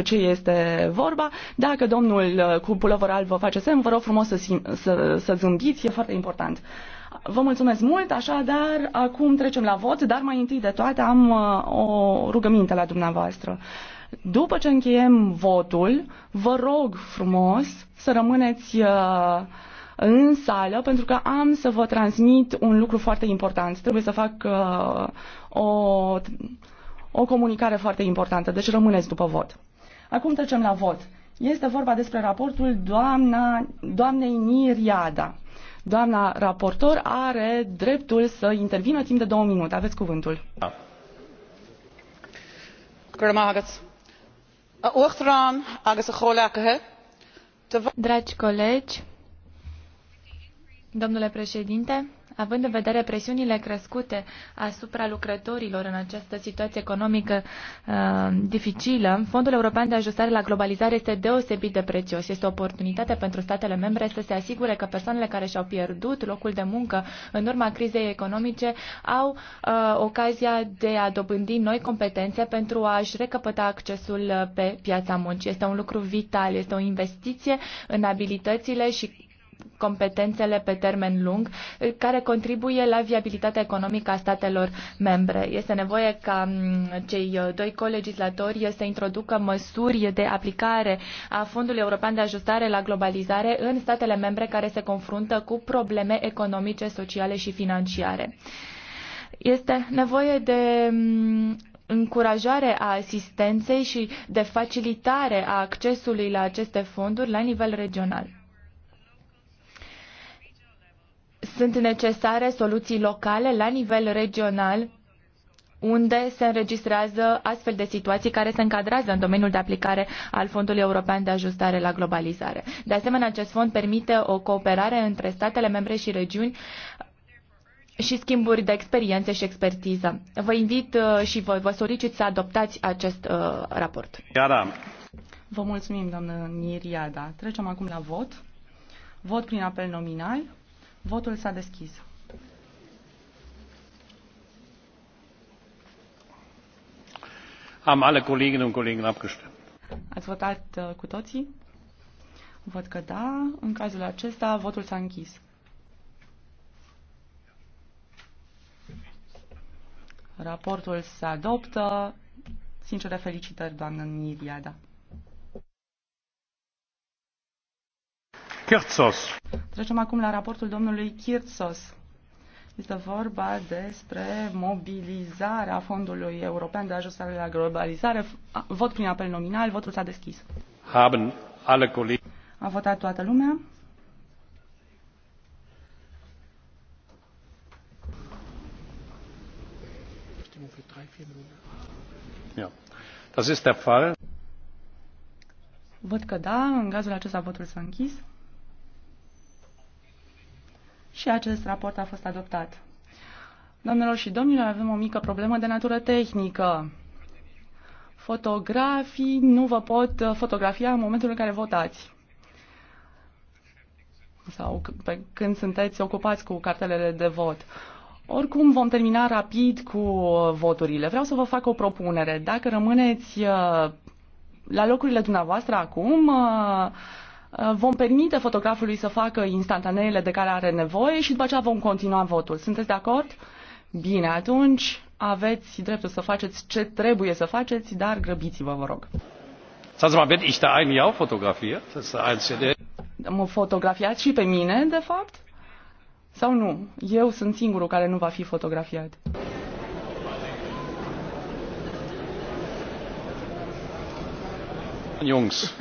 ce este vorba. Dacă domnul uh, cu pulover alb vă face semn, vă rog frumos să, sim- să, să zâmbiți, e foarte important. Vă mulțumesc mult, așadar acum trecem la vot, dar mai întâi de toate am uh, o rugăminte la dumneavoastră. După ce încheiem votul, vă rog frumos să rămâneți uh, în sală pentru că am să vă transmit un lucru foarte important. Trebuie să fac o, o comunicare foarte importantă, deci rămâneți după vot. Acum trecem la vot. Este vorba despre raportul doamna, doamnei Niriada. Doamna raportor are dreptul să intervină timp de două minute. Aveți cuvântul. Da. Dragi colegi, domnule președinte, Având în vedere presiunile crescute asupra lucrătorilor în această situație economică uh, dificilă, Fondul European de Ajustare la Globalizare este deosebit de prețios. Este o oportunitate pentru statele membre să se asigure că persoanele care și-au pierdut locul de muncă în urma crizei economice au uh, ocazia de a dobândi noi competențe pentru a-și recăpăta accesul uh, pe piața muncii. Este un lucru vital, este o investiție în abilitățile și competențele pe termen lung, eh, care contribuie la viabilitatea economică a statelor membre. Este nevoie ca mm, cei eh, doi colegislatori eh, să introducă măsuri de aplicare a Fondului European de Ajustare la Globalizare în statele membre care se confruntă cu probleme economice, sociale și financiare. Este nevoie de mm, încurajare a asistenței și de facilitare a accesului la aceste fonduri la nivel regional. Sunt necesare soluții locale la nivel regional unde se înregistrează astfel de situații care se încadrează în domeniul de aplicare al Fondului European de Ajustare la Globalizare. De asemenea, acest fond permite o cooperare între statele membre și regiuni și schimburi de experiențe și expertiză. Vă invit uh, și vă, vă solicit să adoptați acest uh, raport. Iada. Vă mulțumim, doamnă Niriada. Trecem acum la vot. Vot prin apel nominal. Votul s-a deschis. Am alle Kolleginnen und Kollegen abgestimmt. Ați votat uh, cu toții? Văd că da. În cazul acesta, votul s-a închis. Raportul se adoptă. Sincere felicitări, doamnă Niriada. Kirtsos. Trecem acum la raportul domnului Kirtsos. Este vorba despre mobilizarea Fondului European de Ajustare la Globalizare. Vot prin apel nominal, votul s-a deschis. Haben alle colegi. A votat toată lumea. Ja. Das ist der Fall. Văd că da, în cazul acesta votul s-a închis și acest raport a fost adoptat. Doamnelor și domnilor, avem o mică problemă de natură tehnică. Fotografii nu vă pot uh, fotografia în momentul în care votați sau pe când sunteți ocupați cu cartelele de vot. Oricum vom termina rapid cu uh, voturile. Vreau să vă fac o propunere. Dacă rămâneți uh, la locurile dumneavoastră acum, Uh, vom permite fotografului să facă instantaneele de care are nevoie și după aceea vom continua votul. Sunteți de acord? Bine, atunci aveți dreptul să faceți ce trebuie să faceți, dar grăbiți-vă, vă rog. Sagen mal, bin ich da eigentlich auch fotografiert? Das ist einzige. Mă fotografiați și pe mine, de fapt? Sau nu? Eu sunt singurul care nu va fi fotografiat. Jungs.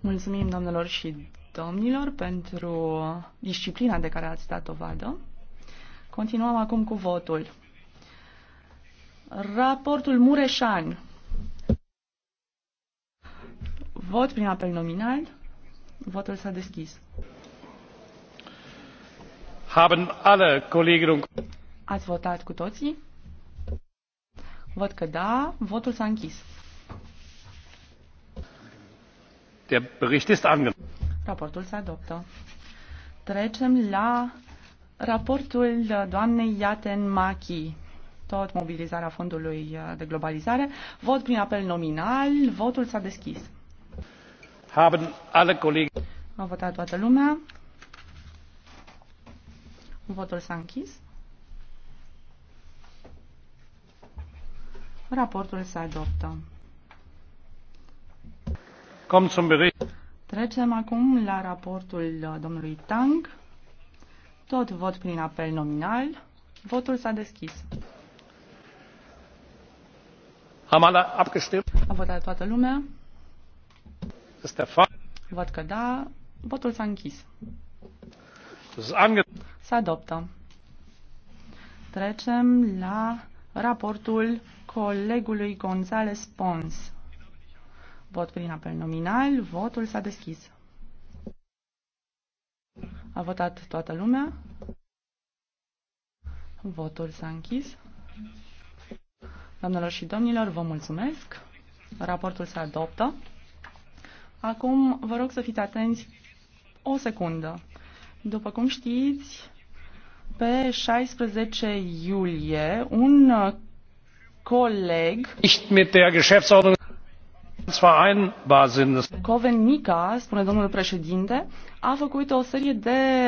Mulțumim, doamnelor și domnilor, pentru disciplina de care ați dat dovadă. Continuăm acum cu votul. Raportul Mureșan. Vot prin apel nominal. Votul s-a deschis. Haben alle Kolleginnen Ați votat cu toții? Văd că da. Votul s-a închis. Der Bericht ist angenommen. Raportul se adoptă. Trecem la raportul doamnei Iaten Machi, tot mobilizarea fondului uh, de globalizare. Vot prin apel nominal, votul s-a deschis. Haben alle colegi... A votat toată lumea. Votul s-a închis. Raportul se adoptă. Trecem acum la raportul uh, domnului Tang. Tot vot prin apel nominal. Votul s-a deschis. Am alle abgestimmt? A votat toată lumea? Este Văd că da. Votul s-a închis. Se adoptă. Trecem la raportul colegului González Pons. Vot prin apel nominal. Votul s-a deschis. A votat toată lumea. Votul s-a închis. Doamnelor și domnilor, vă mulțumesc. Raportul se adoptă. Acum vă rog să fiți atenți o secundă. După cum știți, pe 16 iulie, un coleg Coven Mica, spune domnul președinte, a făcut o serie de